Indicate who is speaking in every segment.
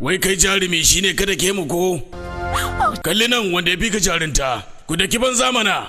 Speaker 1: wai kai jarumi shine kada ke mu ko kalli nan wanda ya fi ka jarinta ku da kiban zamana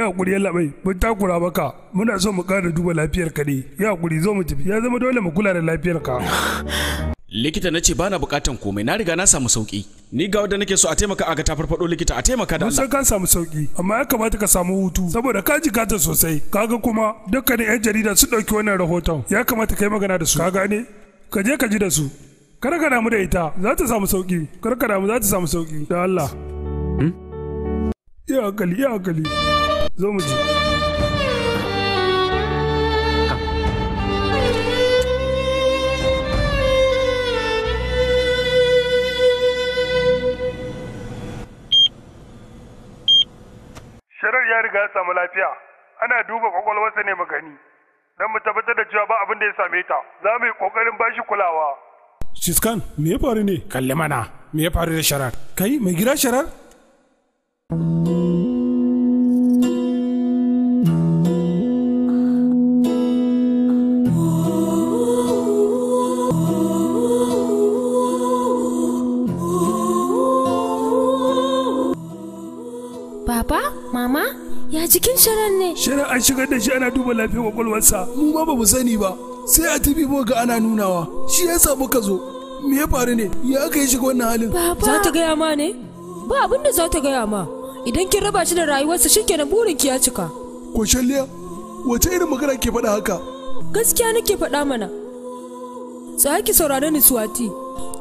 Speaker 2: ya hakuri yalla bai mun takura maka muna so mu ƙara duba lafiyar ka ne ya hakuri zo mu tafi ya zama dole mu kula da lafiyar ka
Speaker 1: likita na ce bana bukatan komai na riga na samu sauki ni ga wanda nake so a taimaka a ga ta farfado likita a taimaka da Allah
Speaker 2: ka samu sauki amma ya kamata ka samu hutu saboda ka ji ta sosai kaga kuma dukkanin yan jarida su dauki wannan rahoton ya kamata kai magana da su ka gane ka je ka ji da su kar ka damu da ita za ta samu sauki kar ka damu za ta samu sauki da Allah hmm? ya hankali ya hankali zo mu ji Sharar ya riga ya samu lafiya, ana duba kwakwalwarsa ne magani, don mu tabbatar da cewa ba abin da ya same ta, za mu yi ƙoƙarin bashi kulawa. Siskan, me ya faru ne? Kalli mana, me ya faru da Sharar? Kai, mai gida Sharar?
Speaker 3: cikin shirin ne
Speaker 2: shirin an shigar da shi ana duba lafiyar kwakwalwarsa mu ma ba mu sani ba sai a
Speaker 3: tv ga ana nunawa shi ya sa muka zo me ya faru ne ya aka yi shiga wannan halin za ta
Speaker 4: gaya ma ne ba abin da za ta gaya ma idan kin raba shi da rayuwarsa shikenan burin ki ya
Speaker 3: cika ko shalliya wace irin magana ke faɗa haka
Speaker 4: gaskiya nake faɗa mana tsaki saurare ni suwati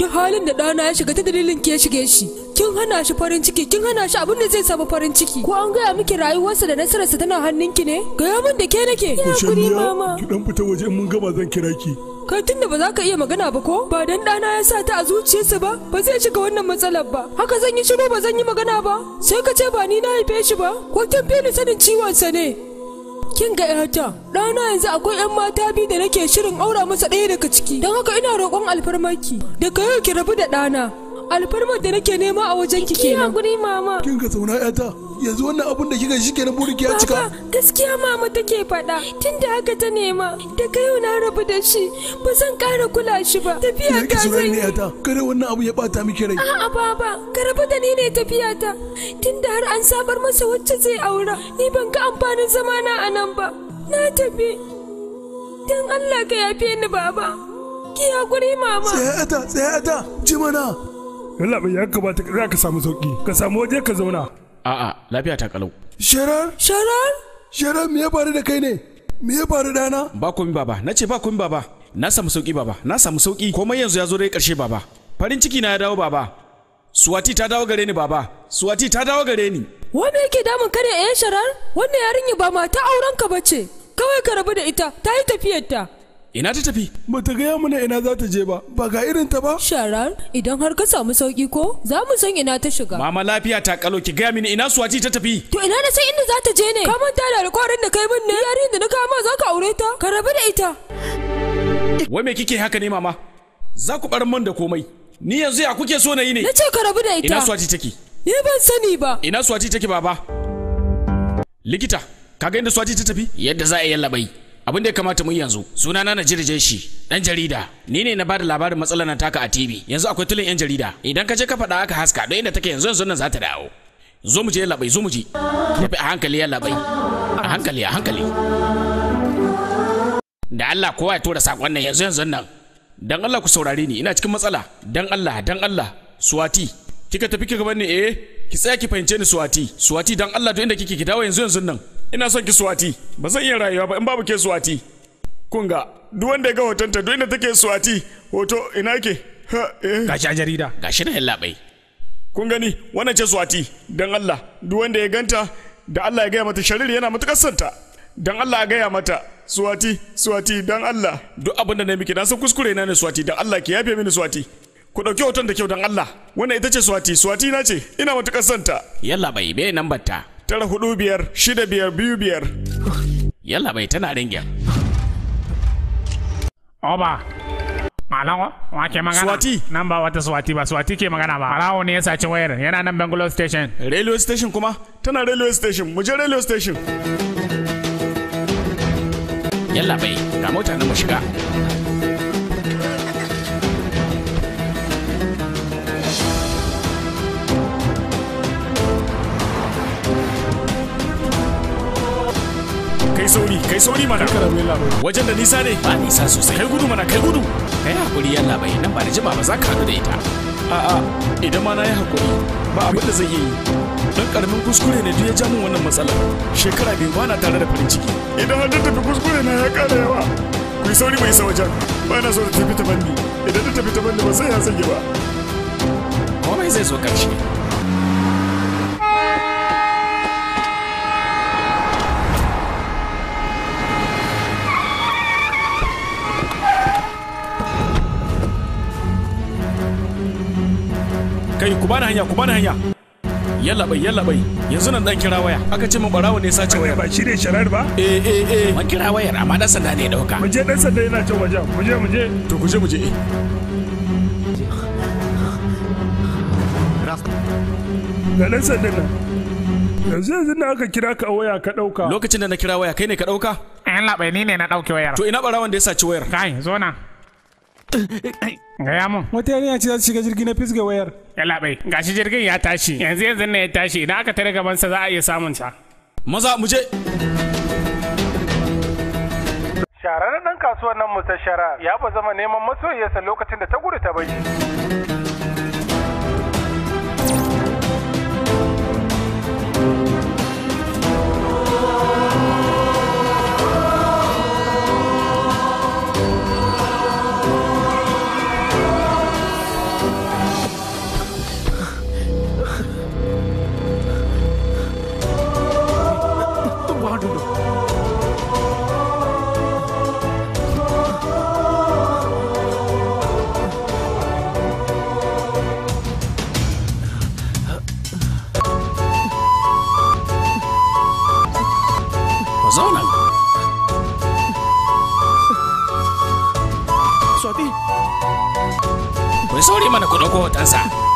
Speaker 4: duk halin da ɗana ya shiga ta dalilin ke shige shi kin hana shi farin ciki kin hana shi abin da zai samu farin ciki ko an gaya miki rayuwarsa da nasararsa tana hannunki ne gaya min da ke nake ya kuri mama
Speaker 3: ki dan fita waje mun gama zan kira ki
Speaker 4: kai tunda ba za ka iya magana ba ko ba dan dana ya sa ta a zuciyarsa ba ba zai shiga wannan matsalar ba haka zan yi shiru ba zan yi magana ba sai ka ce ba ni na haife shi ba ko kin fi ni sanin ciwonsa ne kin ga Da ɗana yanzu akwai 'yan mata biyu da nake shirin aura masa ɗaya daga ciki don haka ina roƙon alfarmaki daga yau ki rabu da ɗana alfarmar da nake nema a wajen ki kenan. Ki
Speaker 3: guri mama. Kin ka zauna yata yanzu wannan abun da kika shi kenan buriki ya cika. Baba
Speaker 4: gaskiya mama take faɗa tunda haka ta nema da kai yau na rabu da shi ba zan ƙara kula shi ba. Tafiya ta zai. Ki yata
Speaker 3: kada wannan abu ya bata miki rai. A'a
Speaker 4: baba ka rabu da ni ne tafiya ta tunda har an sabar masa wacce zai aura ni ban ga amfanin zamana a nan ba. Na tafi. Dan Allah ka yafe ni baba. Ki haƙuri
Speaker 2: mama. Tsaya ta, tsaya ta, ji mana. yalla bai ya kamata ta ka samu sauki ka samu waje ka zauna
Speaker 1: a'a lafiya ta kalau
Speaker 2: sharar sharar sharar me ya faru da kai ne me ya faru na? ba komai baba ce ba komai baba
Speaker 1: na samu sauki baba na samu sauki komai yanzu ya zo dai karshe baba farin ciki na ya dawo baba suwati ta dawo gare ni baba suwati ta dawo gare ni
Speaker 4: wani yake damun kare yan eh, sharar wannan yarinya ba mata aurenka ce kawai ka rabu da ita ta yi tafiyarta
Speaker 1: Ina ta
Speaker 3: tafi? ta gaya mana ina za ta je ba, ba ga irin ta ba? Sharar, idan har ka samu sauki ko, za
Speaker 4: mu san ina ta shiga.
Speaker 1: Mama lafiya ta kalo ki gaya mini ina suwaci ta tafi.
Speaker 4: To ina na san inda za ta je ne? Ka manta da alƙawarin da kai min ne? Yarin da na kama za ka aure ta? Ka rabu da ita.
Speaker 1: Wai me kike haka ne mama? Za ku bar man da komai. Ni yanzu ya kuke so na yi ne? Na ce ka rabu da ita. Ina suwaci take? Ni ban sani ba. Ina suwaci take baba? Likita, ka ga inda suwaci ta tafi? Yadda za a yi labai. abin da ya kamata mu yanzu sunana na jirje shi dan jarida ni ne na bada labarin matsalar nan taka a TV yanzu akwai tulin yan jarida idan ka je ka faɗa aka haska don inda take yanzu yanzu nan za ta dawo zo mu je labai zo mu je tafi a hankali ya labai a hankali a hankali da Allah kowa ya tura sakon nan yanzu yanzu nan dan Allah ku saurare ni ina cikin matsala dan Allah dan Allah suwati kika tafi kika bani ni eh ki tsaya ki fahimce ni suwati suwati dan Allah duk inda kike ki dawo yanzu yanzu nan ina son ki suwati ba zan iya rayuwa ba in babu ke suwati kun ga duk wanda ya ga hotonta duk inda take suwati hoto ina ke eh. gashi a jarida gashi na bai kun gani wannan ce suwati dan Allah duk wanda ya ganta da Allah ya gaya mata sharir yana matukar santa dan Allah ya gaya mata suwati suwati dan Allah duk abin da na miki na san kuskure na ne suwati dan Allah ki yafe mini suwati ku dauki hoton da kyau dan Allah wannan ita ce suwati suwati na ce ina matuƙar santa yalla bai bai nambar ta tara hudu biyar shida biyar biyu biyar yalla bai tana ringin
Speaker 5: oba malawa wake magana swati nan ba wata swati ba swati ke magana ba malawa ne ya saci wayar yana nan bangalore station railway station kuma tana railway station mu je railway station yalla bai ga mota na mu shiga
Speaker 1: sauri kai sauri mana wajen da nisa ne ba nisa sosai kai gudu mana kai gudu kai hakuri yalla bai nan ba da jima ba za ka haɗu da ita a'a idan ma na yi hakuri ba abin da zai yi dan karamin kuskure ne duk ya ja min wannan matsalar shekara biyu ba na tare da farin ciki idan har ta tafi kuskure na ya ƙara yawa ku yi sauri mai sa wajen ba na so da tafi ta banni idan ta tafi ta banni ba sai ya sanya ba komai zai zo ƙarshe kai ku bani hanya ku bani hanya yallaɓai yallaɓai yanzu nan dan kira waya aka ce min barawo ne sace waya ba shi ne sharar ba eh eh eh mun kira wayar amma dan sanda ne dauka
Speaker 2: mu je dan sanda yana cewa waje mu je mu je to ku je mu je ga eh. dan sanda nan yanzu yanzu na aka kira ka waya ka dauka
Speaker 1: lokacin da na kira waya kai ne ka dauka bai ni ne na dauke wayar to ina barawon da ya sace wayar kai zo na
Speaker 5: Gaya mun. Wata yarinya ce za su shiga jirgi na fisga wayar. Yalla ga shi jirgin ya tashi. Yanzu yanzu ne ya tashi. Idan aka tare gaban sa za a iya samun sa. Maza mu je.
Speaker 2: Sharar dan kasuwar nan Musa Shara ya ba zama neman masoyiyarsa lokacin da ta gudu ta bai.
Speaker 1: 無双リマのこータをさ査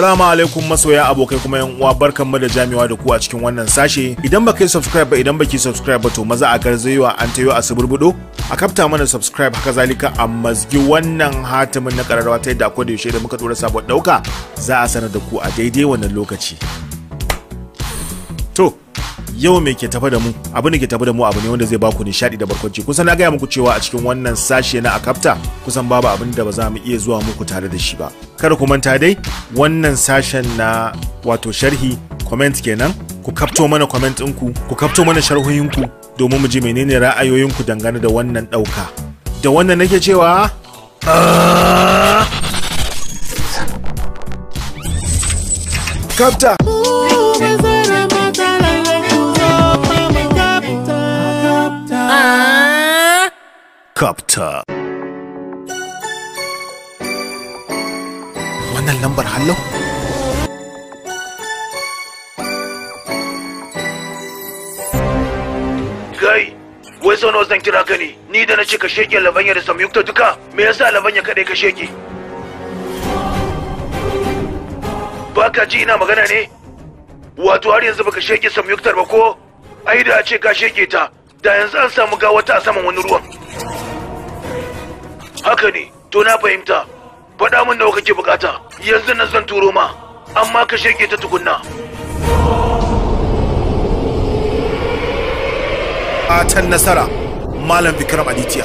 Speaker 6: Assalamu alaikum masoya abokai kuma yan uwa barkanmu da jami'a da ku a cikin wannan sashe. Idan baka yi subscribe ba idan baki subscribe ba to maza a garzayewa an tayo a suburbudo. A kafta mana subscribe haka zalika a mazgi wannan hatimin na kararwa ta da ko da yaushe da muka dora sabon dauka za a sanar da ku a daidai wannan lokaci. To yau me ke tafa da mu abu ne ke tafa da mu abu ne wanda zai baku nishadi da barkwanci kusan na gaya muku cewa a cikin wannan sashe na akafta kusan babu abin da ba za mu iya zuwa muku tare da shi ba kada ku manta dai wannan sashen na wato sharhi comment kenan ku kafto mana comment ɗinku ku kafto mana sharhohinku domin mu ji menene ra'ayoyinku dangane da wannan ɗauka da wannan nake cewa Capta! Ah! Kapta. Wannan lambar hallo? Kai, wai sau nawa zan kira ka ne? Ni da na ce ka sheke labanya da samyukta duka, me yasa labanya kaɗai ka sheke? Baka ji ina magana ne? Wato har yanzu baka sheke samyuktar ba ko? Ai da a ce ka sheke ta, da yanzu an samu gawata a saman wani ruwan haka ne to na fahimta faɗa min nawa kake bukata yanzu nan zan turo ma amma ka shege ta tukunna fatan nasara malam vikram aditya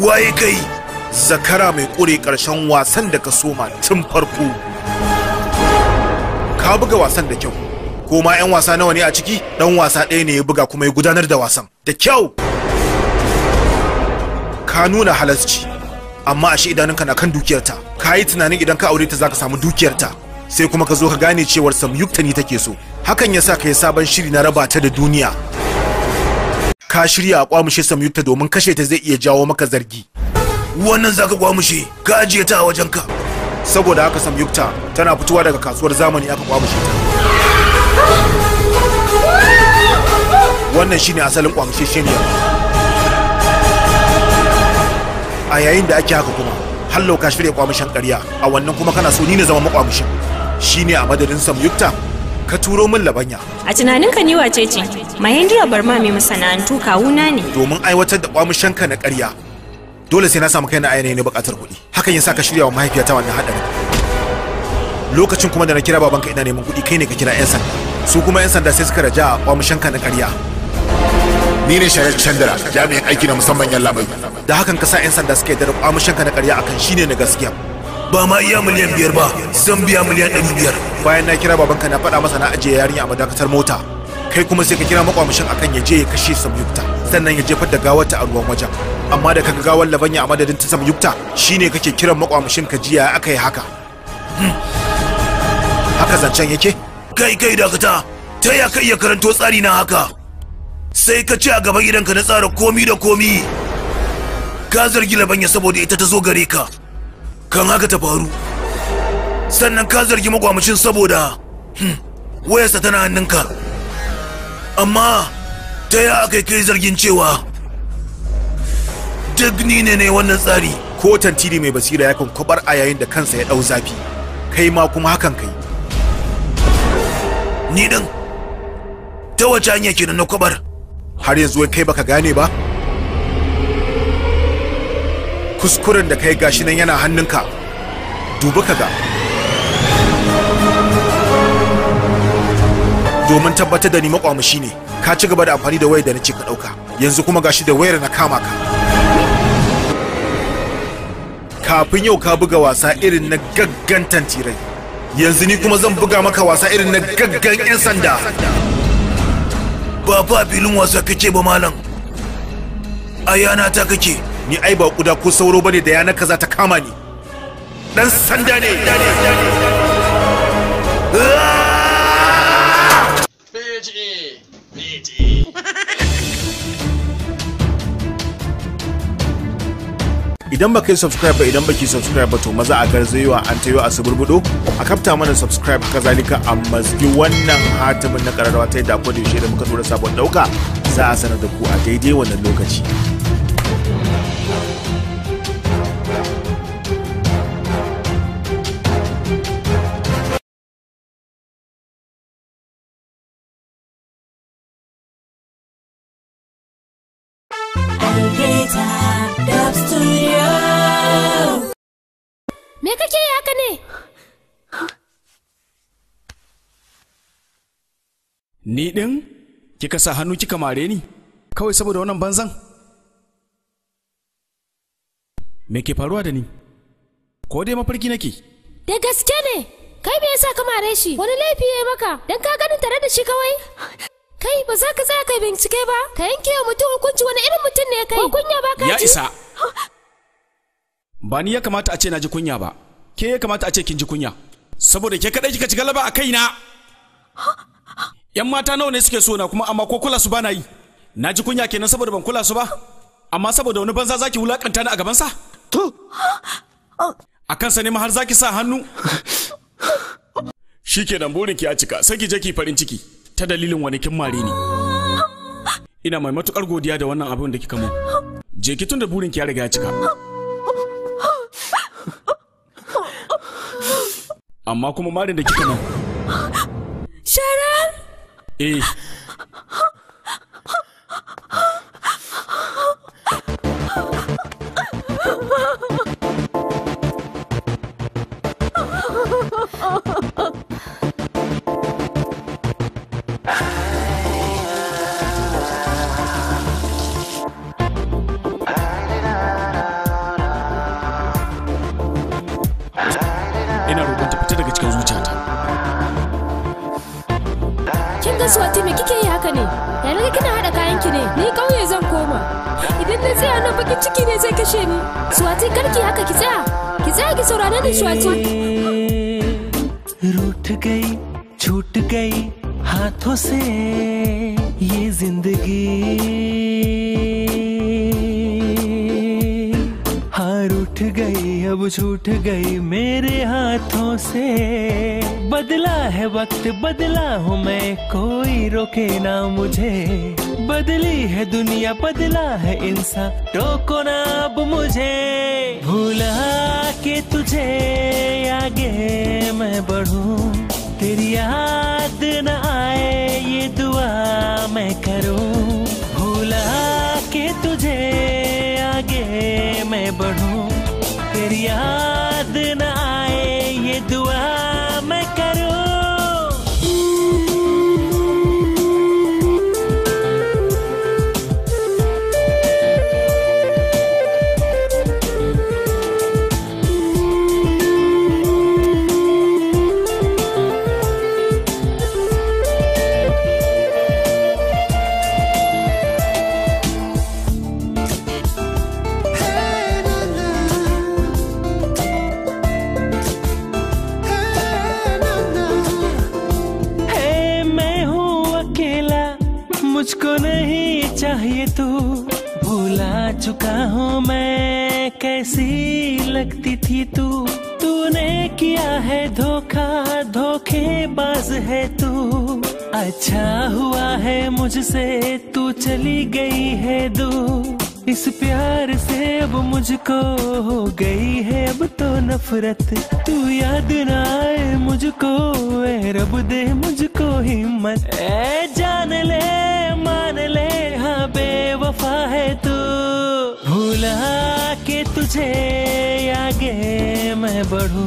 Speaker 6: waye kai zakara mai ƙure karshen wasan da ka soma tun farko ka buga wasan da kyau ko ma 'yan wasa nawa ne a ciki 'Dan wasa ɗaya ne ya buga kuma ya gudanar da wasan da kyau ka nuna halarci, amma ashe idanunka na kan dukiyarta ka yi tunanin idan ka aure ta zaka samu dukiyarta sai kuma ka zo ka gane cewar samyukta ni take so hakan yasa ka yi sabon shiri na raba ta da duniya ka shirya a kwamishe samyukta domin kashe ta zai iya jawo maka zargi wannan zaka kwamushe ka ajiye ta a wajenka saboda haka yukta tana fitowa daga kasuwar zamani aka kwamushe
Speaker 7: ta
Speaker 6: wannan shine asalin kwamushesheniyar a yayin da ake haka kuma hallo ka shirya kwamushen ƙarya a wannan kuma kana so ni na zama makwamushin shine a madadin yukta ka turo min labanya.
Speaker 4: A tunaninka ni wace ce? Mahendra Barma mai masana'antu kawuna ne.
Speaker 6: Domin aiwatar da kwamushanka na ƙarya dole sai na samu kaina na ayyana ne buƙatar kuɗi hakan yasa ka shirya wa mahaifiyata wannan hadarin lokacin kuma da na kira babanka ina neman kuɗi kai ne ka kira 'yan sanda su kuma 'yan sanda sai suka raja a kwamushanka na ƙarya ni ne shayar chandra jami'in aiki na musamman yan labai da hakan ka sa 'yan sanda suka yadda da kwamushanka na ƙarya akan shine na gaskiya ba ma iya miliyan biyar ba zan biya miliyan ɗari biyar bayan na kira babanka na faɗa masa na ajiye yarinya a madakatar mota kai kuma sai ka kira makwamishin akan ya je ya kashe samyukta sannan ya jefar da gawarta a ruwan wajen amma da kaga gawar labanya a madadin ta yukta shine kake kiran makwamashin ka jiya aka yi haka hmm. haka zancen yake kai kai dakata ta ya kai ya karanto tsari na haka sai ka ce a gaban gidanka na tsara komi da komi ka zargi labanya saboda ita ta zo gare ka kan haka ta faru sannan ka zargi magwamacin saboda hmm, wayarsa tana hannunka amma ta ya aka kai zargin cewa duk ni ne ne wannan tsari ko tantiri mai basira ya kan kwabar a yayin da kansa ya ɗau zafi kai ma kuma hakan kai ni din ta wace hanya kenan na kwabar har yanzu kai baka gane ba kuskuren da kai gashi nan yana hannunka duba ka ga domin tabbatar da ni makwamashi ne ka ci gaba da amfani da wayar da nace ka ɗauka yanzu kuma gashi da wayar na kama ka kafin yau ka buga wasa irin na gaggantan tirai yanzu ni kuma zan buga maka wasa irin na gaggan 'yan sanda ba ba filin wasa kake ba malam a ta kake ni ai ba kuda ko sauro bane da yana kaza ta kama ni dan sanda ne idan baka yi subscribe ba idan baki subscribe ba to maza a garzayewa an tayo a suburbudu a kafta mana subscribe kazalika a mazgi wannan hatimin na kararrawa ta yadda ko da yaushe da muka tura sabon dauka za a sanar da ku a daidai wannan lokaci
Speaker 4: ni
Speaker 1: ɗin kika sa hannu kika mare ni kawai saboda wannan banzan me ke faruwa da ni ko dai mafarki nake
Speaker 4: da gaske ne kai me yasa ka mare shi wani laifi ya maka dan ka gani tare da shi kawai kai ba za ka tsaya kai bincike ba ka yanke wa mutum hukunci wani irin mutum ne kai ko kunya ba ka ya isa
Speaker 1: ba ni ya kamata a ce na ji kunya ba ke ya kamata a ce kin ji kunya saboda ke kadai kika ci galaba a kaina yan mata nawa ne suke so na kuma amma ko kula su ba yi na ji kunya kenan saboda ban kula su ba amma saboda wani banza zaki wulakanta ni a gabansa a kansa ne ma har zaki sa hannu shi kenan ki ya cika sai ki je ki farin ciki ta dalilin wani kin mare ne ina mai matukar godiya da wannan abin da kika mu je ki tun da burinki ya riga ya cika amma kuma marin da kika mu shara 一。
Speaker 4: ta me kike yi haka ne? Ya naga kina haɗa kayan ki ne, ni kauye zan koma. Idan na tsaya nan bakin ciki ne zai kashe ni. Swati
Speaker 8: karki haka ki tsaya, ki tsaya ki saurare ni suwati
Speaker 7: eh,
Speaker 8: रूठ गई chut se ye zindagi अब छूट गई मेरे हाथों से बदला है वक्त बदला हूँ मैं कोई रोके ना मुझे बदली है दुनिया बदला है इंसान रोको ना अब मुझे भूला के तुझे आगे मैं बढ़ूं तेरी याद न आए ये दुआ मैं करूं भूला के तुझे आगे मैं बढ़ूं दिया है धोखा धोखे बाज है तू अच्छा हुआ है मुझसे तू चली गई है दू इस प्यार से अब मुझको हो गई है अब तो नफरत तू याद ना आए मुझको रब दे मुझको हिम्मत ऐ जान ले मान ले हाँ बेवफा है तू भूला के तुझे आगे मैं बढ़ू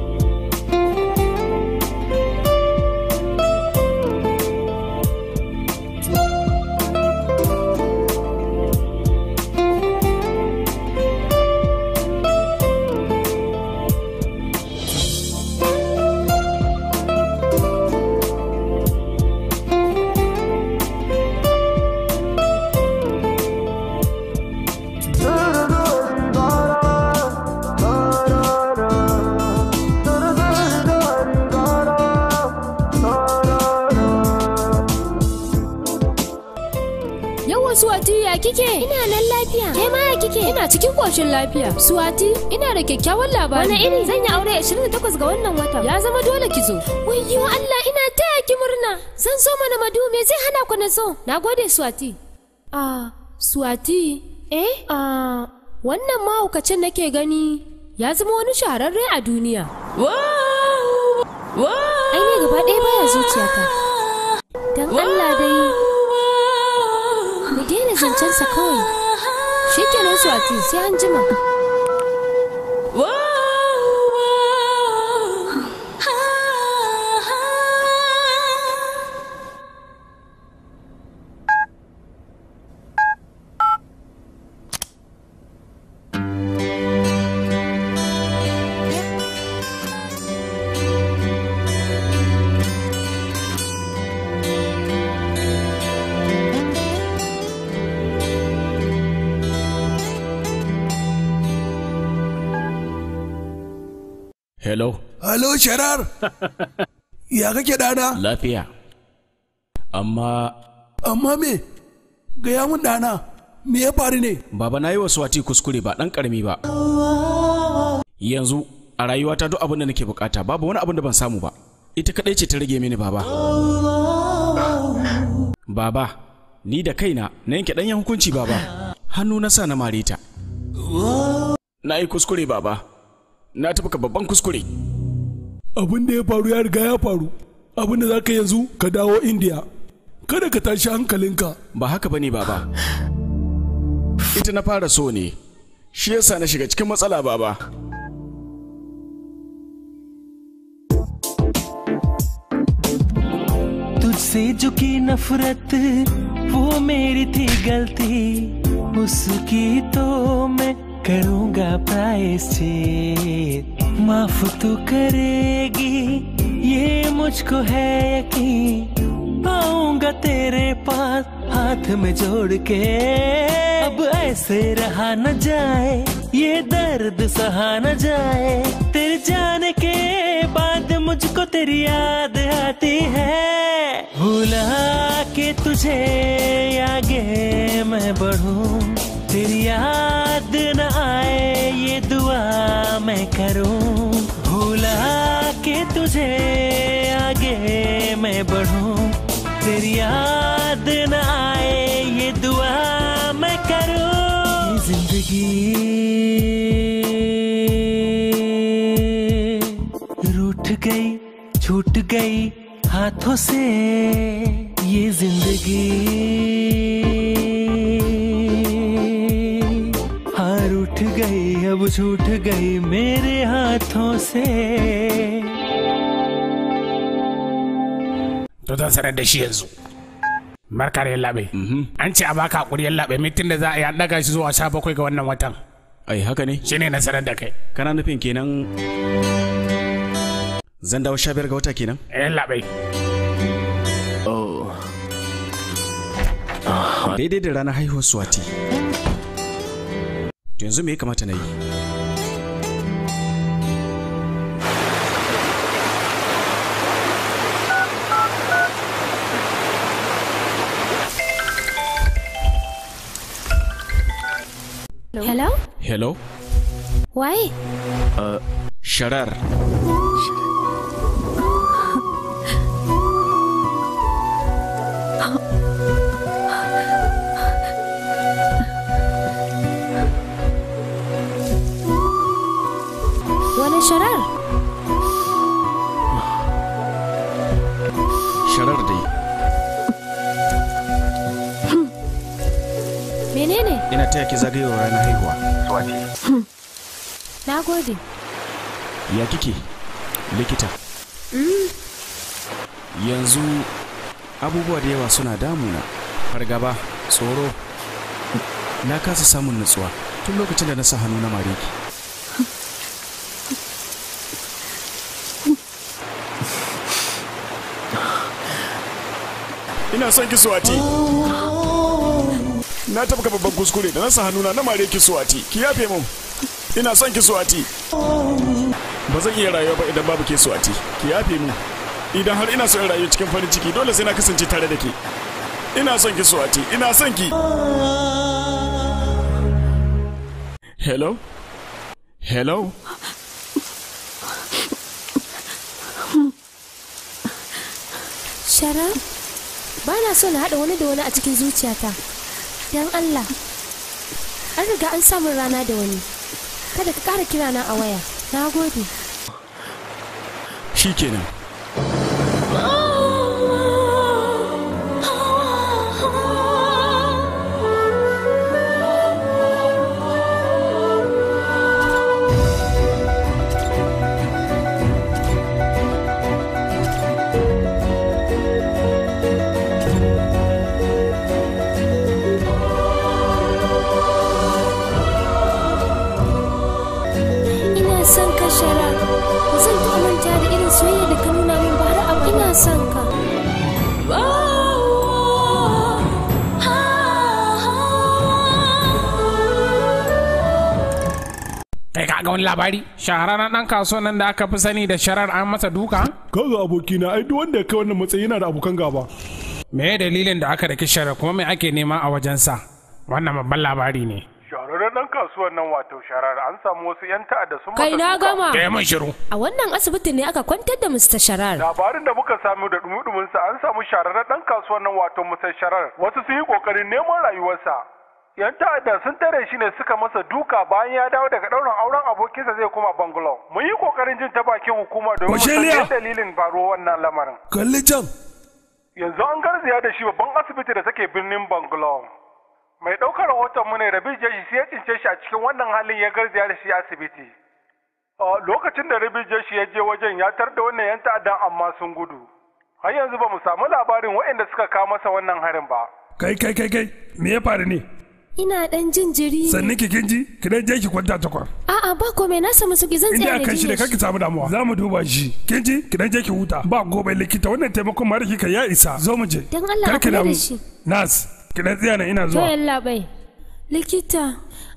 Speaker 4: kike? Ina nan lafiya. ke ma ya kike? Ina cikin koshin lafiya. Suwati, ina da kyakkyawan labari. Wani iri zan yi aure 28 ga wannan watan. Ya zama dole ki zo. Wayyo Allah ina taya ki murna. Zan so mana madu me zai hana ku na zo? gode Suwati. Ah, Suwati, eh? Ah, wannan mahaukacin nake gani ya zama wani shahararre a duniya.
Speaker 7: Wow!
Speaker 4: Wow! Ai ne gaba ɗaya baya zuciyata. Dan Allah dai 耍子，先这么。
Speaker 1: Hello.
Speaker 3: Hello, Sharar. ya kake dana?
Speaker 1: Lafiya. Amma. Amma me? Gaya mun dana, me ya faru ne? Baba na yi wa Swati kuskure ba ɗan ƙarami ba. Yanzu a rayuwata duk abin da nake bukata babu wani abin da ban samu ba. Ita kaɗai ce ta rage mini baba. Baba, ni da kaina na yanke ɗanyen hukunci baba. Hannu na sa na marita. Na yi kuskure baba. na ka babban kuskure
Speaker 3: abin da ya faru ya riga ya faru abin da za ka yanzu ka dawo indiya kada ka tashi hankalinka
Speaker 1: ba haka ba ne baba
Speaker 3: ita na fara so ne
Speaker 1: shi yasa na shiga cikin matsala baba
Speaker 8: तुझसे जो की नफरत वो मेरी थी गलती उसकी तो मैं करूँगा प्रायश्चित माफ तो करेगी ये मुझको है यकीन आऊंगा तेरे पास हाथ में जोड़ के अब ऐसे रहा न जाए ये दर्द सहा न जाए तेरे जाने के बाद मुझको तेरी याद आती है भूला के तुझे आगे मैं बढ़ूं तेरी याद न आए ये दुआ मैं करूं भूला के तुझे आगे मैं बढ़ूं तेरी याद न आए ये दुआ मैं करूं जिंदगी रूठ गई छूट गई हाथों से ये जिंदगी अब छूट गई मेरे हाथों से
Speaker 5: to zan sanar da shi yanzu barka da yallaɓe mhm. an ce a baka hakuri yallaɓe mitin da za a yi an daga shi zuwa sha bakwai ga wannan watan ai haka ne shine na sanar da kai
Speaker 1: kana nufin kenan zan dawo sha biyar ga wata kenan
Speaker 5: eh, yallaɓe oh.
Speaker 1: ah, daidai da ranar haihuwar swati to yanzu me ya kamata na yi Hello? Hello? Why? Uh, Sharar. ina taya ki zagayewa ranar haihuwa
Speaker 4: hmm. na gode
Speaker 1: ya kike likita hmm. yanzu abubuwa da yawa suna damuna fargaba tsoro na kasa samun nutsuwa tun lokacin da na sa hannu na mariki ina son ki swati oh. na kafa babban kuskure da nasa hannuna na mare ki suwati ki yafe mu ina son ki suwati ba zan iya rayuwa ba idan babu ke suwati ki yafe mu idan har ina son rayuwa cikin farin ciki dole sai na kasance tare da ke ina son ki suwati ina son ki hello hello
Speaker 4: sharaf ba na so na haɗa wani da wani a cikin zuciyata don allah an riga an samun rana da wani kada ka ƙara na a waya na gode
Speaker 6: shi
Speaker 7: kenan
Speaker 5: wani labari shahararren dan kasuwan nan da aka fi sani da sharar an masa duka
Speaker 2: kaga abokina ai duk wanda ya kai wannan matsayi yana da abokan gaba
Speaker 5: me dalilin da aka daki sharar kuma me ake nema a wajensa wannan babban labari ne
Speaker 2: shahararren dan kasuwan nan wato sharar an samu wasu yan ta'adda sun kai na gama da mun shiru
Speaker 4: a wannan asibitin ne aka kwantar da Mr. Sharar labarin
Speaker 2: da muka samu da dumudumin sa an samu shahararren dan kasuwan nan wato Mr. Sharar wasu sun yi kokarin neman rayuwarsa yan ta'adda sun tare shi ne suka masa duka bayan ya dawo daga ɗaurin auren abokinsa zai koma bangalo mun yi kokarin jin ta bakin hukuma domin mu san dalilin faruwar wannan lamarin kalli can yanzu an garzaya da shi babban asibiti da take birnin bangalo mai ɗaukar rahoton mu ne rabi jeshi sai ya cince shi a cikin wannan halin ya garzaya da shi asibiti lokacin da rabi jeshi ya je wajen ya tar da wannan yan ta'addan amma sun gudu har yanzu ba mu samu labarin waɗanda suka kawo masa wannan harin ba kai kai kai kai me ya faru ne
Speaker 4: ina dan jin jiri sannan ki
Speaker 2: kinji ki dan je ki kwanta takwa
Speaker 4: a'a ba komai na samu suki zan tsaya da shi ne kake
Speaker 2: samu damuwa za mu duba shi kinji ki dan je ki huta ba gobe likita wannan taimakon ma da kika ya isa zo mu je dan Allah ka da shi nas ki dan tsaya nan ina zuwa to
Speaker 4: Allah bai likita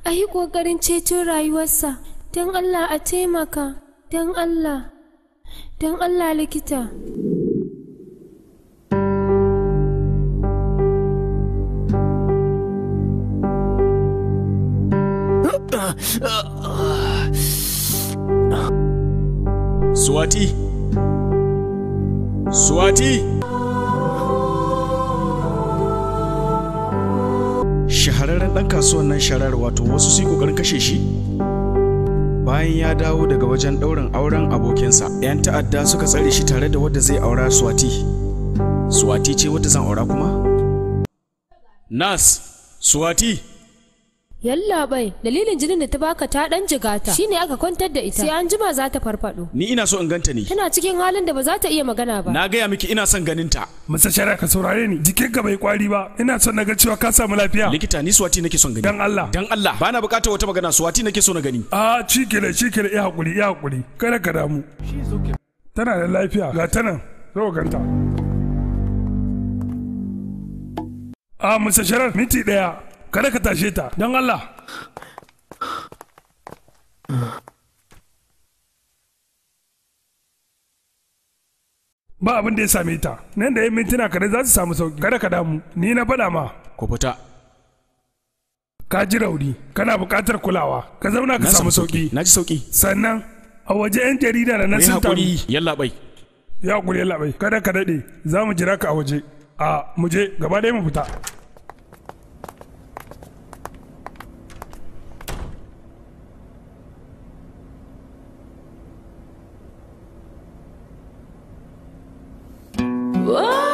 Speaker 4: a yi kokarin ceto rayuwarsa dan Allah a taimaka dan Allah dan Allah likita
Speaker 1: Swati! Swati! shahararren ɗan kasuwan nan sharar wato wasu su ƙoƙarin kashe shi bayan ya dawo daga wajen ɗaurin auren abokinsa 'yan ta'adda suka tsare shi tare da wadda zai aura swati swati ce wadda zan aura kuma nas swati
Speaker 4: bai dalilin jinin da ta baka ta dan jigata shine aka kwantar da ita sai an jima za ta farfado
Speaker 1: ni ina so in ganta ne
Speaker 4: tana cikin halin da ba za ta iya magana ba
Speaker 1: na gaya miki ina son ganin ta masa shara ka saurare ni jikin ka bai kwari ba ina son na ga cewa ka samu lafiya likita ni suwati nake son gani dan Allah dan Allah bana bukatar wata magana suwati nake
Speaker 2: so na gani a cikile cikile ya hakuri ya hakuri kada ka damu tana da lafiya ga tana zo ganta a musa sharar miti daya kada ka tashe ta don Allah ba abin da ya same ta nan da ya mintuna kada za su samu sauki kada ka damu ni na faɗa ma ku fita ka ji rauni kana buƙatar kulawa ka zauna ka samu sauki na ji sauki sannan a waje yan jarida da na sun hakuri yalla bai ya hakuri yalla bai kada ka daɗe za mu jira ka a waje a mu je gaba ɗaya mu fita
Speaker 7: Whoa.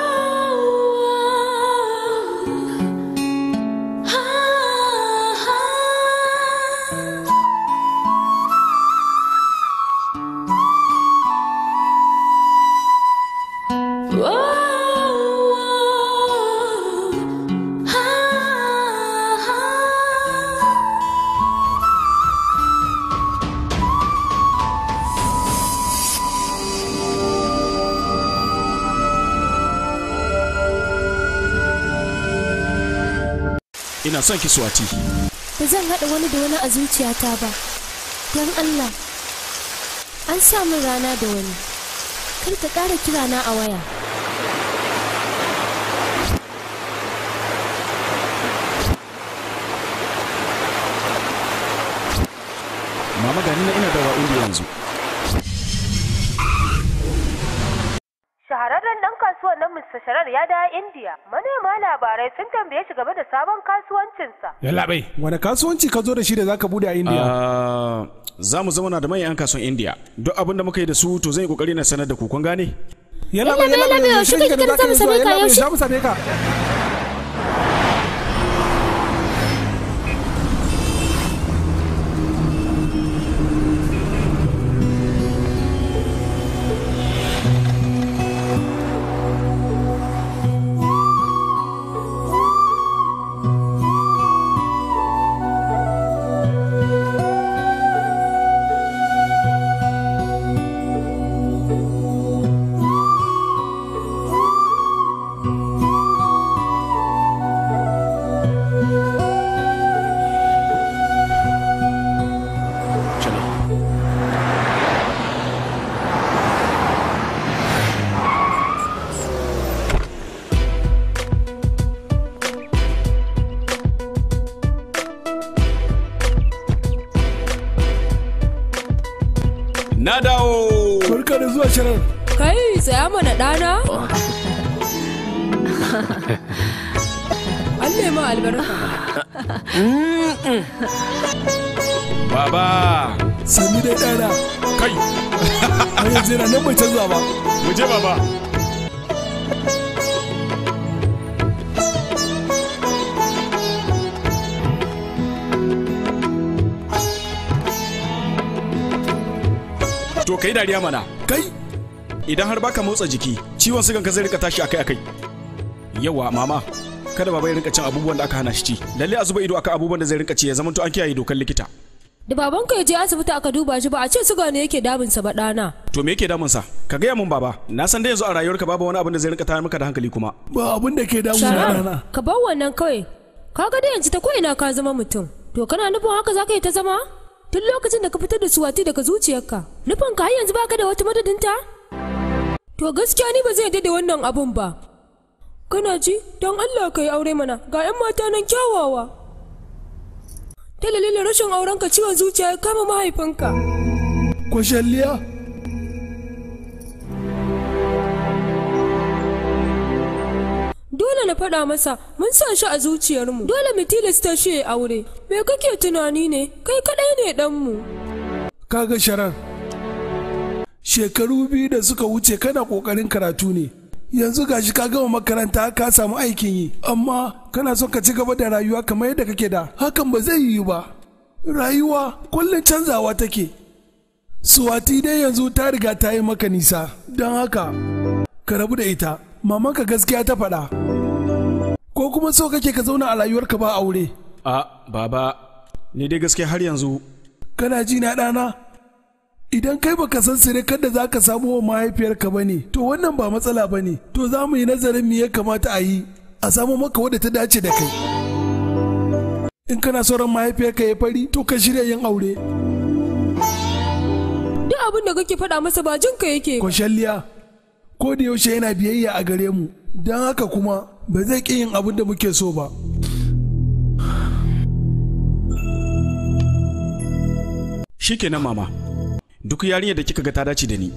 Speaker 1: ina son ki swati
Speaker 4: ba zan haɗa wani da wani a zuciyata ba don allah an sa min rana da wani kar ka ƙara kira na a waya
Speaker 1: mama gani na ina da wa'udi yanzu
Speaker 4: wannan Mr. Sharar ya dawo India. Manema labarai sun tambaye shi game da sabon kasuwancinsa.
Speaker 1: bai. wani kasuwanci ka zo da shi da zaka bude a India? Ah, za mu zama na da manyan kasuwan India. Duk abin da muka yi da su to zan yi kokari na sanar da ku kun
Speaker 2: gane? Yallaɓai, yallaɓai, yaushe kake da za mu same ka yaushe?
Speaker 1: shirin.
Speaker 4: kai tsaya mana ɗana an nema albarka baba sami da ɗana kai
Speaker 1: har yanzu yana nan bai canza ba mu je baba to kai dariya mana kai idan har baka motsa jiki ciwon sugan ka zai rika tashi akai akai yawa mama kada baba ya rinka cin abubuwan da aka hana shi ci lalle a zuba ido akan abubuwan da zai rinka ci ya zama to an kiyaye dokar likita
Speaker 7: da
Speaker 4: baban ka je asibiti aka duba shi ba a ce suga ne yake damunsa ba dana
Speaker 1: to me yake damunsa ka gaya mun baba na san da yanzu a rayuwarka babu wani abin da zai rinka tayar maka da hankali kuma
Speaker 3: ba abin da ke sa dana
Speaker 4: ka bar wannan kawai ga dai yanzu ta ko ina ka zama mutum to kana nufin haka zaka yi ta zama tun lokacin da ka fitar da suwati daga zuciyarka nufin ka har yanzu baka da wata madadinta to gaskiya ni ba zai yarda da wannan abun ba kana ji don allah ka yi aure mana ga 'yan mata nan kyawawa ta dalilin rashin aurenka ciwon zuciya ya kama mahaifinka kwashalliya dole na faɗa masa mun sa shi a zuciyarmu dole mu tilasta shi ya aure me kake tunani ne kai kaɗai ne
Speaker 3: ɗanmu kaga sharar shekaru biyu da suka wuce kana kokarin karatu ne yanzu gashi ka gama makaranta ka samu aikin yi amma kana son ka ci gaba da rayuwa kamar yadda kake da hakan ba zai yiwu ba rayuwa kullum canzawa take suwati dai yanzu ta riga ta yi maka nisa don haka ka rabu da ita mamanka gaskiya ta faɗa ko kuma so kake ka zauna a rayuwar ka ba aure
Speaker 1: a baba ni dai gaskiya har yanzu
Speaker 3: kana ji na ɗana idan kai baka san sire kadda za ka samu wa mahaifiyarka ba ne to wannan ba matsala ba ne to za mu yi nazarin me ya kamata a yi a samu maka wadda ta dace da kai in kana sauran mahaifiyarka ya fari to ka shirya yin aure
Speaker 4: duk abin da kake faɗa masa ba jinka yake
Speaker 3: kwashalliya ko da yaushe yana biyayya a gare mu don haka kuma ba zai ƙi yin abin da muke so ba
Speaker 1: shikenan mama duk yarinyar da kika ga ta dace da ni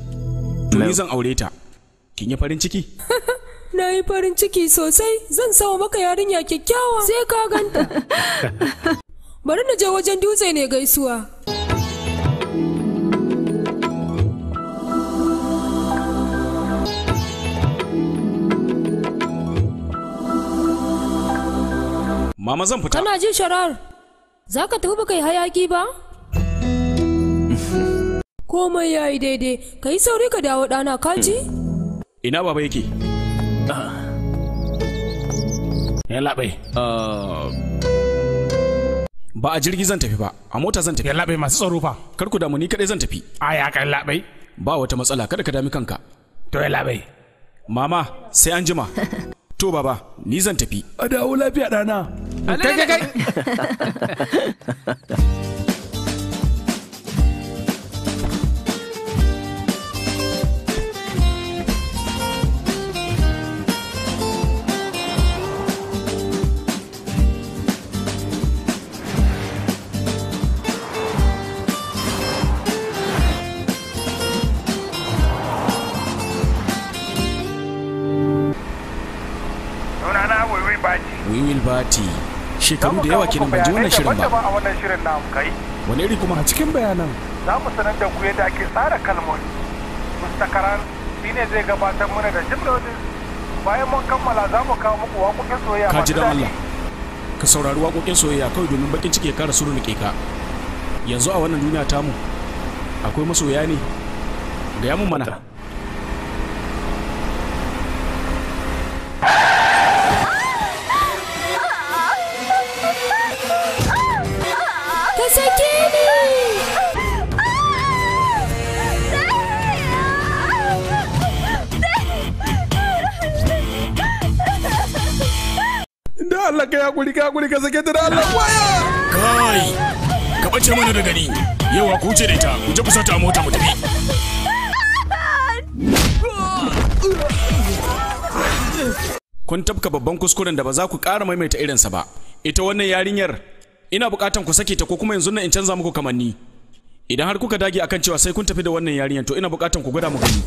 Speaker 1: to ni zan aure ta kin yi farin ciki
Speaker 4: na yi farin ciki sosai zan sawa maka yarinya kyakkyawa sai ka ganta bari na je wajen dutse ne gaisuwa
Speaker 1: Mama zan fita. Kana
Speaker 4: ji sharar? Za ka tafi ba kai hayaki ba? komai ya yi daidai ka yi sauri ka dawo ɗana kaji? Hmm.
Speaker 1: ina baba yake ah. ya laɓe ah. ba a jirgi zan tafi ba a mota zan tafi ya laɓe masu tsaro fa kar ku damu ni kaɗai zan tafi a ya kan laɓe ba wata matsala kada ka dami kanka to ya laɓe mama sai an jima to baba ni zan tafi
Speaker 3: a dawo lafiya ɗana kai kai kai
Speaker 2: we
Speaker 1: will party shekaru da yawa kenan ban ji wannan shirin ba wani iri kuma a
Speaker 3: cikin bayanan
Speaker 2: za mu sanar da ku yadda ake tsara kalmomi mustakaran shine zai gabatar mana da jimlolin bayan mun kammala za mu kawo muku waƙoƙin soyayya ka ji dan Allah
Speaker 1: ka saurari waƙoƙin soyayya kawai domin bakin cike ya kara surnuke ka yanzu a wannan duniya tamu akwai masoya ne gaya yamun mana
Speaker 3: Allah kai hakuri ka hakuri ka sake ta da Allah waya
Speaker 1: kai ka bace mana da gani yawa ku ce da ita ku ji ku sata mota mu tafi kun tabka babban kuskuren da ba za ku ƙara maimaita irinsa ba ita wannan yarinyar ina buƙatan ku sake ta ko kuma yanzu nan in canza muku kamanni idan har kuka dage akan cewa sai kun tafi da wannan yarinyar to ina buƙatan ku gwada mu gani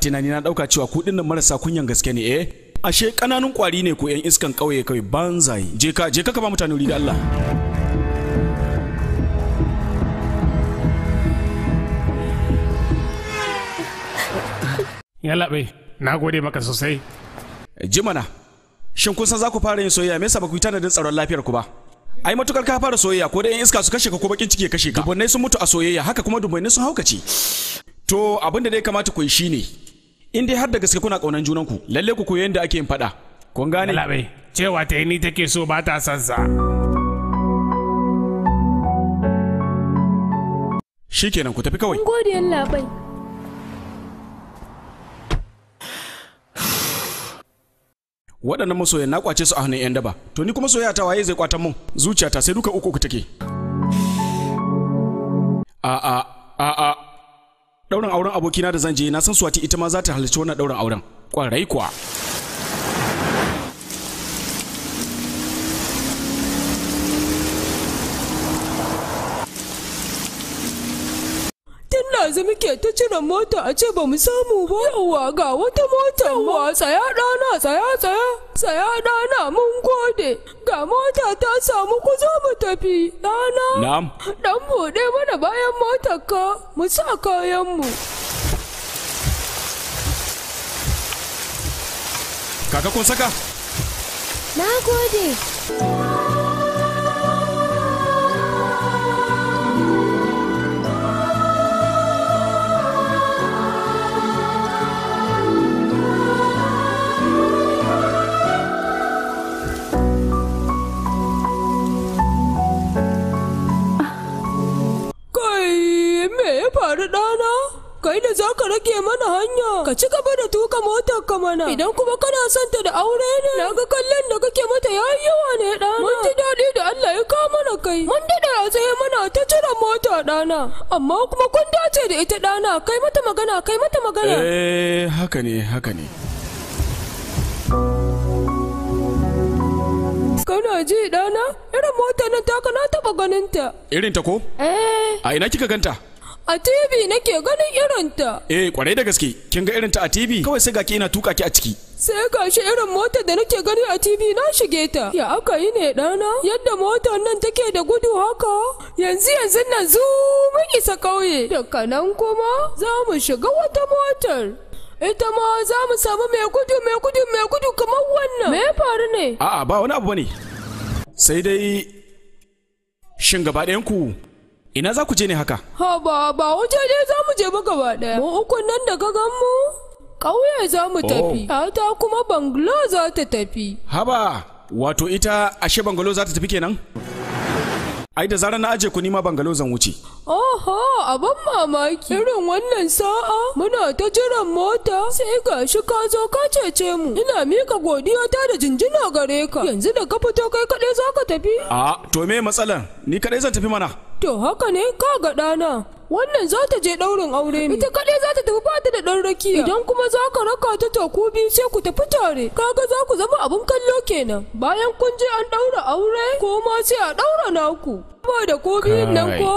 Speaker 1: tunani na dauka cewa ku dinnan marasa kunyan gaske ne eh ashe kananun kwari ne ku yan iskan kauye kai banzai je ka je ka ba mutane wuri da Allah Yalla bai na gode maka sosai jimana shin kun san za ku fara yin soyayya me yasa ba ku yi tanadin tsaron lafiyar ku ba ai matukar ka fara soyayya ko dai iska su kashe ka ko bakin ciki ya kashe ka dubbannai sun mutu a soyayya haka kuma dubbannai sun haukace to abin da dai kamata ku yi shine in dai har da gaske kuna junan junanku lalle ku koyi yadda ake yin faɗa kun gane cewa ta ni take so ba ta son sa kenan ku tafi kawai
Speaker 4: mun gode labai
Speaker 1: waɗannan masoyan na kwace su a hannun 'yan daba to ni kuma soyayya ta waye zai kwatan mun zuciyata sai duka uku ku take a'a a'a daurin auren abokina da zan je na san Swati ita ma za ta halarci wannan daurin auren kwarai kuwa
Speaker 4: yanzu ke ta cire mota a ce ba mu samu ba yawa ga wata mota yawa tsaya ɗana tsaya tsaya tsaya ɗana mun gode ga mota ta samu ku zo mu tafi ɗana na'am buɗe mana bayan motar ka mu sa kayan mu
Speaker 1: kaka kun saka
Speaker 7: na gode
Speaker 4: me ya faru ɗana? Kai da za ka rage mana hanya, ka ci gaba da tuka motar ka mana. Idan kuma kana son ta da aure ne, na ga kallon da kake mata ya yi yawa ne ɗana. Mun ji daɗi da Allah ya kawo mana kai. Mun daɗa a tsaye mana ta cire mota ɗana, amma kuma kun dace da ita ɗana, kai mata magana, kai mata magana.
Speaker 1: Eh, haka ne, haka ne.
Speaker 4: Kana ji ɗana? Irin mota nan taka na taɓa ganin ta. Irin ta ko? Eh.
Speaker 1: A ina kika ganta?
Speaker 4: a TV nake ganin irinta.
Speaker 1: Eh kwarai da gaske kin ga irinta a TV kawai sai gaki ina tuka ki a ciki.
Speaker 4: Sai shi irin motar da nake gani a TV na shige ta. Ya aka yi ne ɗana? Yadda motar nan take da gudu haka? Yanzu yanzu nan zu mun isa kauye. Daga nan kuma za mu shiga wata motar. Ita ma za mu samu mai gudu mai gudu mai gudu kamar wannan. Me faru ne?
Speaker 1: A'a ba wani abu bane. Sai dai shin gaba ɗayan ku ina za ku je ne haka
Speaker 4: ha ba ba wuce dai za mu je ba gaba ɗaya mu uku nan da ka gan mu ƙauye za mu tafi oh. Hata kuma bangalo za ta tafi
Speaker 1: haba wato ita ashe bangalo za ta tafi kenan ai da zarar na aje ku nima bangalo zan wuce.
Speaker 4: Oho, abin mamaki. Irin wannan sa'a muna ta jiran mota sai ga shi ka zo ka cece mu. Ina mika godiya ta da jinjina gare ka. Yanzu da ka fito kai kaɗai za ka tafi?
Speaker 1: A, to me matsalan? Ni kaɗai zan tafi mana.
Speaker 4: To haka ne ka ga ɗana. Wannan za ta je ɗaurin aure ne. Ita kaɗai za ta tafi bata da ɗan rakiya. Idan kuma za ka raka ta to ku biyu sai ku tafi tare. Kaga za ku zama abin kallo kenan. Bayan kun je an ɗaura aure ko ma sai a ɗaura naku. Ba da ko biyun nan ko?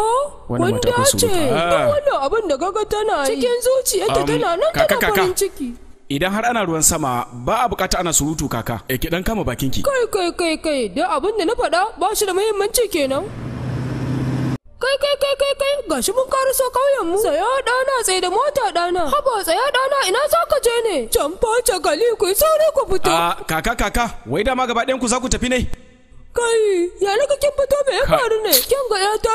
Speaker 4: Kun dace. Ba ah. wannan abin da gaga tana yi. Cikin zuciyarta um, tana nan tana farin
Speaker 1: ciki. idan har ana ruwan sama ba a bukata ana surutu kaka e ki dan kama bakinki
Speaker 4: kai kai kai kai da abin da na faɗa ba shi da muhimmanci kenan kai kai kai kai kai gashi mun so kauyen mu tsaya dana tsaye da mota dana haba tsaya dana ina za ka je ne can face gali ku sauri ku fito
Speaker 1: a ah, kaka kaka wai dama gaba ɗayan ku za ku tafi ne
Speaker 4: kai ya na kin fito me ya faru ne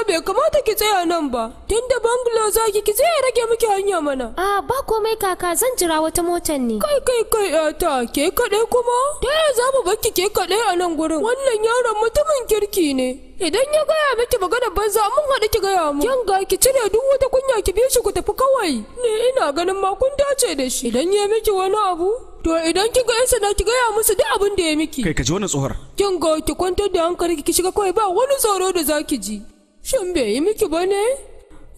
Speaker 4: bai kamata ki tsaya nan ba tun da bangalo za ki ki zai rage miki hanya mana a ba komai kaka zan jira wata motar ne kai kai kai yata ke kaɗai kuma ta yaya za mu bakki ke kaɗai a nan gurin wannan yaron mutumin kirki ne idan ya gaya miki magana banza mun haɗu ki gaya mu yanga ki cire duk wata kunya ki bi shi ku tafi kawai ni ina ganin ma kun dace da shi idan ya miki wani abu To idan ki gaya sana ki gaya musu duk abin da ya miki.
Speaker 1: Kai ka ji wani tsohar.
Speaker 4: Kin ki kwantar da hankali ki shiga kawai ba wani tsoro da zaki ji. shin bai yi miki ba ne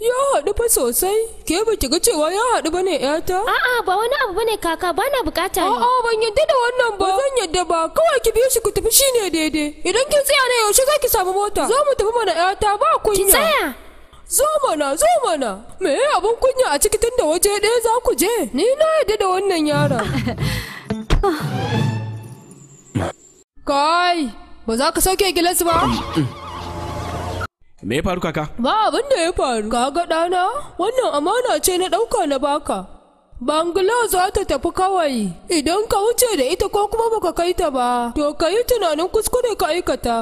Speaker 4: ya haɗu fa sosai ke ba ki ga cewa ya haɗu ba ne yata a'a ba wani abu bane kaka ba na bukata ne a'a ban yadda da wannan ba zan yadda ba kawai ki biyo shi ku tafi shi ne daidai idan kin tsaya na yaushe za ki samu mota za mu tafi mana yata ba kunya ki tsaya zo mana zo mana me abun kunya a ciki tun da waje ɗaya za ku je ni na yadda da wannan yara. kai ba za ka sauke gilas ba Me ya faru kaka? Ba abin da ya faru. Kaga ɗana, wannan amana ce na ɗauka na baka. Bangla za ta tafi kawai, idan ka wuce da ita ko kuma baka kai ta ba, to ka yi tunanin kuskure ka aikata.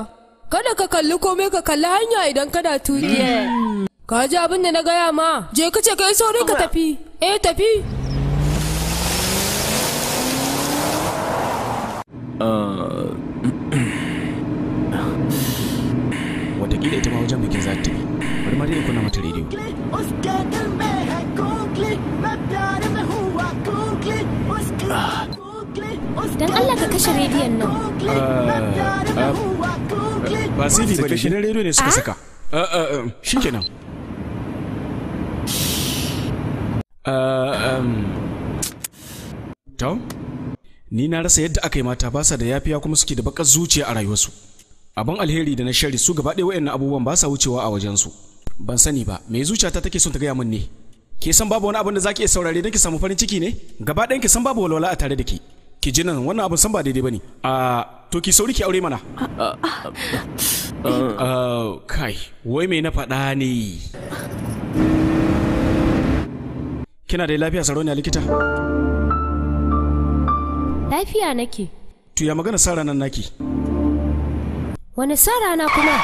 Speaker 4: Kada ka kalli komai ka kalli hanya idan kana tuki. Hmm. Ka ji abin da na gaya ma, je ka ce ka yi ka tafi. Eh tafi.
Speaker 1: Uh... kila ita ma wajen bikin zata yi bari mari in kunna mata rediyo
Speaker 7: Dan Allah ka kashe rediyon nan. Ah, ah,
Speaker 1: ba CD ba shi na rediyo ne suka ah? saka. Shi kenan. Um, Tom? Ni na rasa yadda aka yi mata ba sa da yafiya kuma suke da bakar zuciya a rayuwarsu. abin alheri da na shari su gaba ɗaya wayannan abubuwan ba sa wucewa a wajensu ban sani ba me zuciyata take son ta gaya min ne ke san babu wani abin da zaki iya saurare don ki samu farin ciki ne gaba ɗayan ki san babu walwala a tare da ki ki ji nan wannan abin san ba daidai bane a to ki sauri ki aure mana kai wai me na faɗa ne kina da lafiya sarauniya likita
Speaker 4: lafiya nake
Speaker 1: to ya magana sa ranar naki
Speaker 4: wani sa rana kuma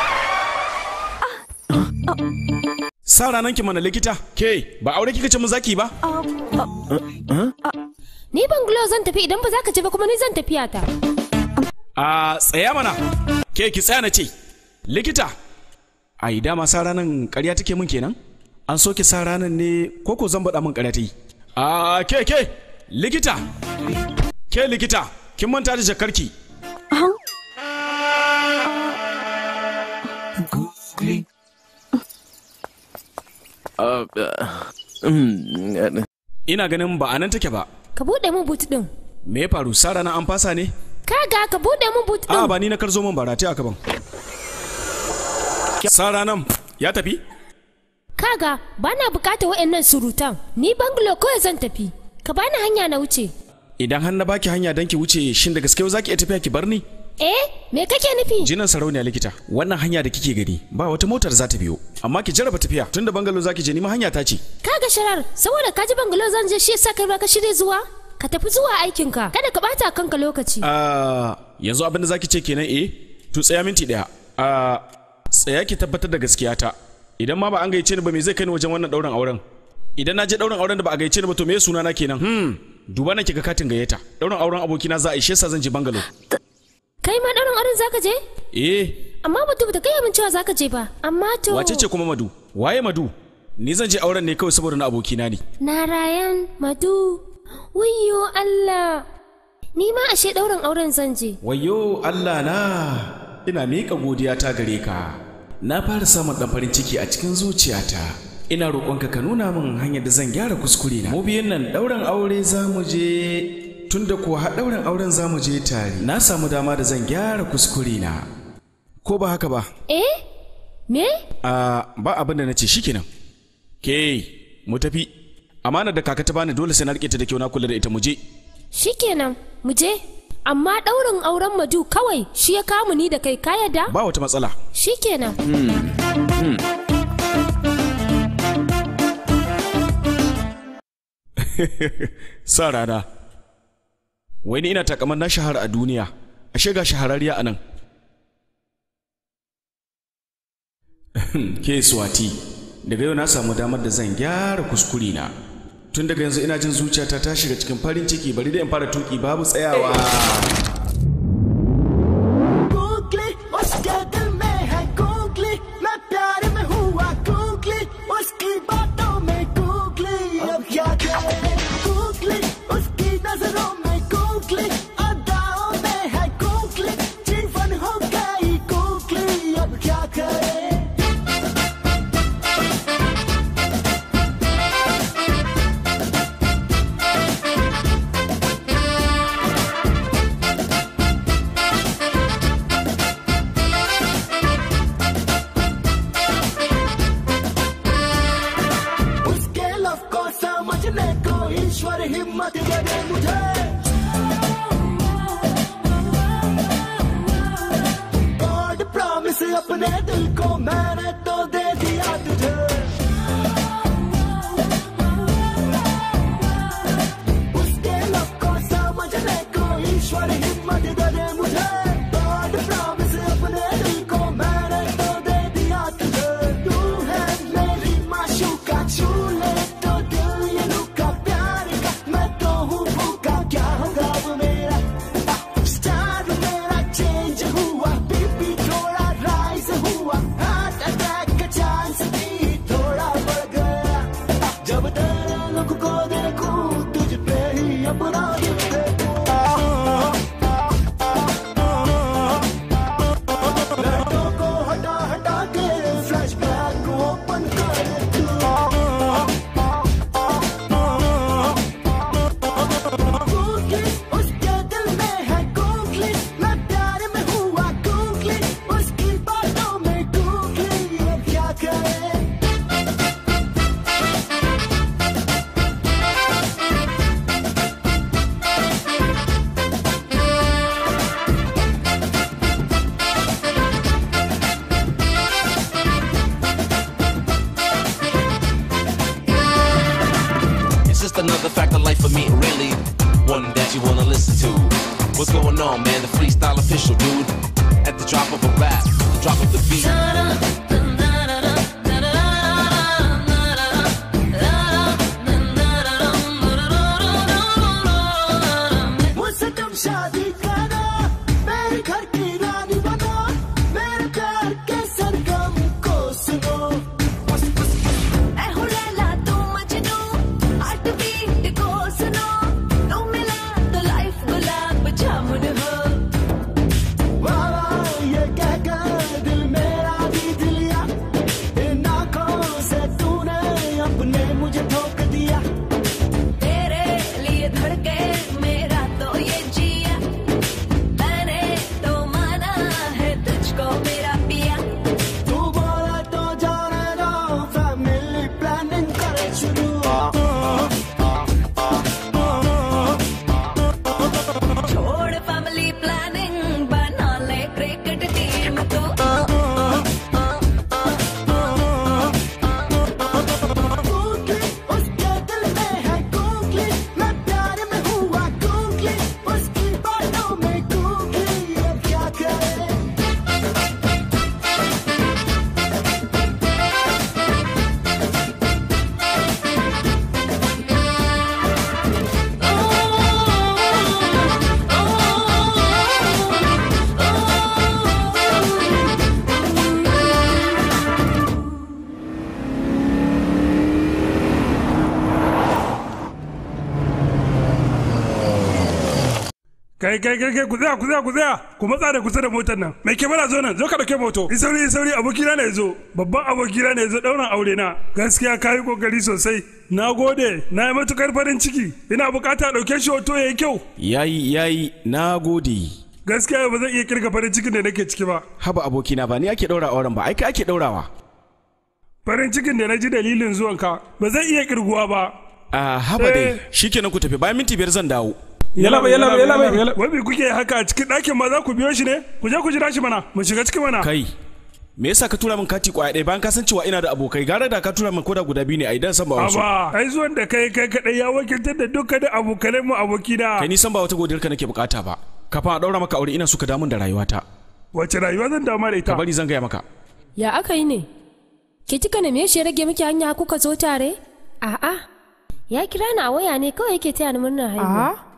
Speaker 1: sa ranan ki mana likita ke ba aure kika ce mu zaki ba
Speaker 4: ni ban banglo zan tafi idan ba za ka ba kuma ni zan tafiya ta
Speaker 1: a tsaya mana ke ki tsaya na ce likita yi dama sa ranan ƙarya take min kenan an so ki sa ranan ne koko zan baɗa min ƙarya ta yi a ke ke likita ke likita kin manta da jakarki Ina ganin ba a nan take ba. Ka buɗe mun buti ɗin. Me ya faru? Sara na an fasa ne?
Speaker 4: Kaga ka buɗe mun butu ɗin. A ba
Speaker 1: ni na karzo min barati aka ban. Sara nan ya tafi?
Speaker 4: Kaga ba na bukata wa'annan surutan. Ni bangalo kawai zan tafi. Ka bani hanya na wuce.
Speaker 1: Idan har na baki hanya don ki wuce shin da gaske za ki iya tafiya ki bar ni?
Speaker 4: Eh, me kake nufi?
Speaker 1: Jinan sarauniya likita, wannan hanya da kike gani ba wata motar za ta biyo, amma ki jaraba tafiya tunda bangalo zaki je nima hanya ta ce.
Speaker 4: Kaga sharar, saboda ka ji bangalo zan je shi yasa kai ba ka shirye zuwa? Ka tafi zuwa aikinka, kada ka bata kanka lokaci.
Speaker 1: Ah, yanzu abin da zaki ce kenan eh? To tsaya minti daya. Ah, tsaya ki tabbatar da gaskiya ta. Idan ma ba an gaice ni ba me zai kai ni wajen wannan dauran auren? Idan na je dauran auren da ba a gaice ni ba to me sunana kenan? Hmm, duba na kika katin gayyata. Dauran auren abokina za a ishe sa zan je bangalo.
Speaker 4: kai ma ɗaurin auren zaka je eh amma madu bata kai amincewa zaka je ba amma to wace ce kuma
Speaker 1: madu waye madu ni zan je auren ne kawai saboda na abokina ne
Speaker 4: narayan madu wayyo allah ni ma ashe ɗaurin auren zan je.
Speaker 1: Wayo Allah na ina miƙa godiya ta gare ka. Na fara samun ɗan farin ciki a cikin zuciyata. Ina roƙonka ka nuna min hanyar da zan gyara kuskure na. Mu biyan nan ɗaurin aure za mu je tunda ko wurin auren zamu je tare na samu dama da zan gyara kuskure na ko ba haka ba
Speaker 4: eh me
Speaker 1: a ba abin da nace shikenan ke mu tafi amana da kaka ta bani dole sai na rike ta da kyau na kula da ita mu je
Speaker 4: shikenan mu je amma ɗaurin auren madu kawai shi ya kamu ni da kai kaya da ba wata matsala shikenan hmm,
Speaker 1: hmm. sa rana wai ni ina takamar na shahara a duniya ashe ga shahararriya a nan ke swati daga yau na samu damar da zan gyara kuskure na tun daga yanzu ina jin zuciyata ta shiga cikin farin ciki bari da in fara tuki babu tsayawa
Speaker 2: kai kai kai kai ku tsaya ku tsaya ku tsaya ku matsa da kusa da motar nan mai kyamara zo nan zo ka dauke moto in sauri in sauri abokina ne zo babban abokina ne zo dauran aure na gaskiya kayi kokari sosai na gode na yi matukar farin ciki ina bukata dauke shi hoto yayi kyau
Speaker 1: yayi yayi na gode
Speaker 2: gaskiya ba zan
Speaker 1: iya kirga farin cikin da nake ciki ba haba abokina ba ni ake daura auren ba ai kai ake daurawa
Speaker 2: farin cikin da na ji dalilin zuwanka ba zan iya kirguwa ba a ah, haba dai eh. shikenan ku tafi bayan minti biyar zan dawo yala bai yala bai yala bai kuke haka a cikin ɗakin ma za ku biyo
Speaker 1: shi ne ku je ku jira shi mana mu shiga cikin mana kai me yasa ka tura min kati kwaya ɗaya bayan ka san cewa ina da abokai gara da ka tura min koda guda biyu ne a idan san ba wasu ba
Speaker 2: ai zuwan da kai kai kadai ya wakiltar da dukkan da abokanai mu da kai
Speaker 1: ni san ba wata godiyar ka nake bukata ba ka a ɗaura maka aure ina so ka damun da rayuwata wace rayuwa zan damu da ita ka bari zan gaya maka
Speaker 4: ya aka yi ne ke kika ne me shi rage miki hanya kuka zo tare a'a ya kira ni a waya ne kawai yake taya ni murnar haihuwa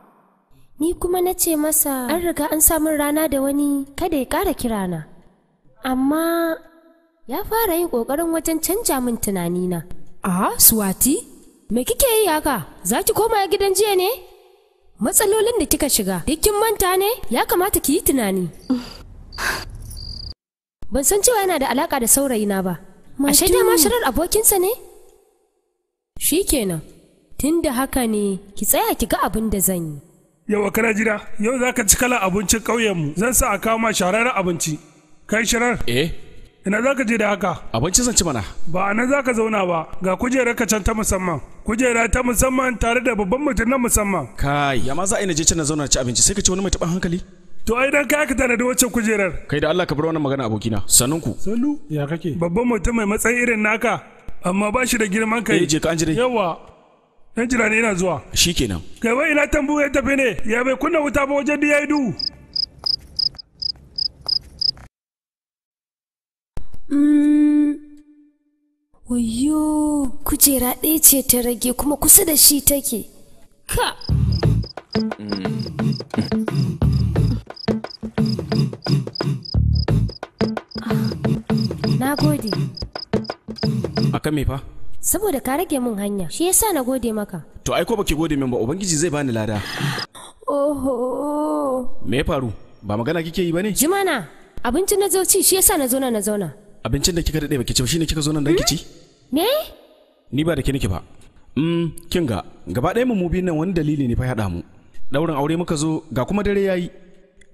Speaker 4: ni kuma na ce masa an riga an samun rana da wani kada ya ƙara kirana amma ya fara yin ƙoƙarin wajen canja min tunanina a suwati me kike yi haka za ki koma gidan jiya ne matsalolin da kika shiga duk kin manta ne ya kamata ki yi tunani ban san cewa yana da alaka da saurayina ba ashe ma shirar abokinsa ne shikenan tun da haka ne ki tsaya ki ga abin da zan yi
Speaker 2: yau yawa kana jira yau za ka ci kalan abincin ƙauyenmu zan sa a kawo ma shararren abinci kai shirar eh ina za ka je da haka abinci zan ci mana ba a nan za ka zauna ba ga kujerar ka can ta musamman kujera ta musamman tare da babban mutum na musamman
Speaker 1: kai yamma za a ina je can na zauna ci abinci sai ka ci wani mai taɓan hankali To ai dan ka tana da wacce kujerar. Kai da Allah ka bar wannan magana abokina. Sannun ku. Sallu.
Speaker 2: Ya kake? Babban mutum mai matsayin irin naka amma ba shi da girman kai. Eh je ka an jire. Yawa. dan jira ne yana zuwa shikenan kai wai ina tambu ya tafi ne ya bai kunna wuta ba wajen da ya yi duhu
Speaker 7: mm.
Speaker 4: Wayo kujera ɗaya ce ta rage kuma kusa da shi take. Ka! Ah. Na gode. A kan me fa? saboda ka rage min hanya shi yasa na gode maka
Speaker 1: to ai ko baki gode min ba ubangiji zai bani lada oho me faru ba magana kike yi
Speaker 4: bane jimana abincin na zauci ci shi yasa na zo na zauna
Speaker 1: abincin da kika dade baki ci ba shine kika zo nan dan kici hmm? me ni ba da ke nake ba mm kin ga gaba ɗaya mu biyun nan wani dalili ne fa ya mu daurin aure muka zo ga kuma dare yayi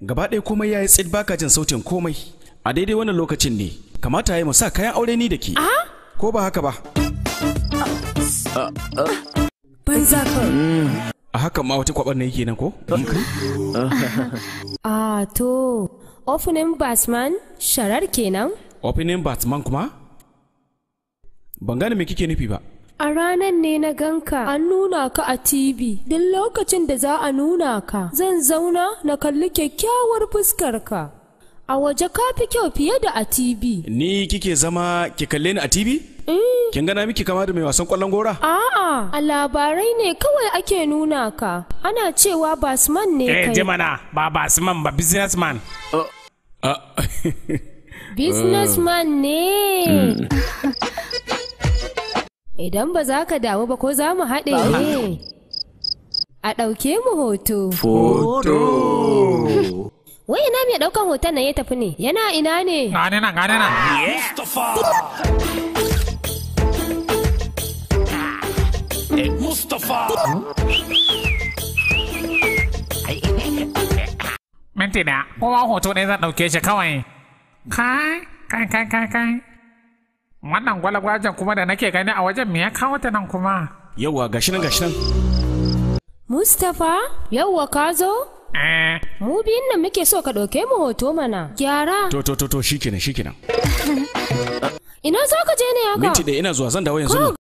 Speaker 1: gaba ɗaya komai yayi tsid baka jin sautin komai a daidai wannan lokacin ne kamata ya mu sa kayan aure ni da ke ah? ko ba haka ba A hakan ma wata kwabar ne yake nan ko? A
Speaker 4: ah, to, opening batsman sharar kenan?
Speaker 1: Opening batsman kuma? Ban gane me kike nufi ba.
Speaker 4: A ranar ne na ganka an nuna ka a TV, duk lokacin da za a nuna ka zan zauna na kalli kyakkyawar fuskarka. A waje ka fi kyau fiye da a TV.
Speaker 1: Ni kike zama ki kalle ni a TV? Eh. Kin gana miki kama da mai wasan kwallon gora?
Speaker 4: A'a, a labarai ne kawai ake nuna ka. Ana cewa basman ne eh, kai. Eh, jimana,
Speaker 5: ba basman ba businessman. Ah.
Speaker 7: Ah.
Speaker 4: Businessman ne. Idan ba za ka damu ba ko za mu haɗe ne. A ɗauke mu hoto. Foto. Wai ina mai ɗaukan hoton nan ya tafi ne? Yana ina ne? Gane nan, gane nan.
Speaker 7: Mustapha.
Speaker 2: Mustafa.
Speaker 5: Minti da, kowa hoto ne zan ɗauke shi kawai. Wannan gwalagwajen kuma da nake gani a wajen me ya nan kuma?
Speaker 1: Yawwa
Speaker 4: yawwa ka zo? Eh. Mu nan muke so ka ɗauke mu hoto mana. Gyara. To to to to Ina ka je haka? Minti
Speaker 7: da ina zuwa zan dawo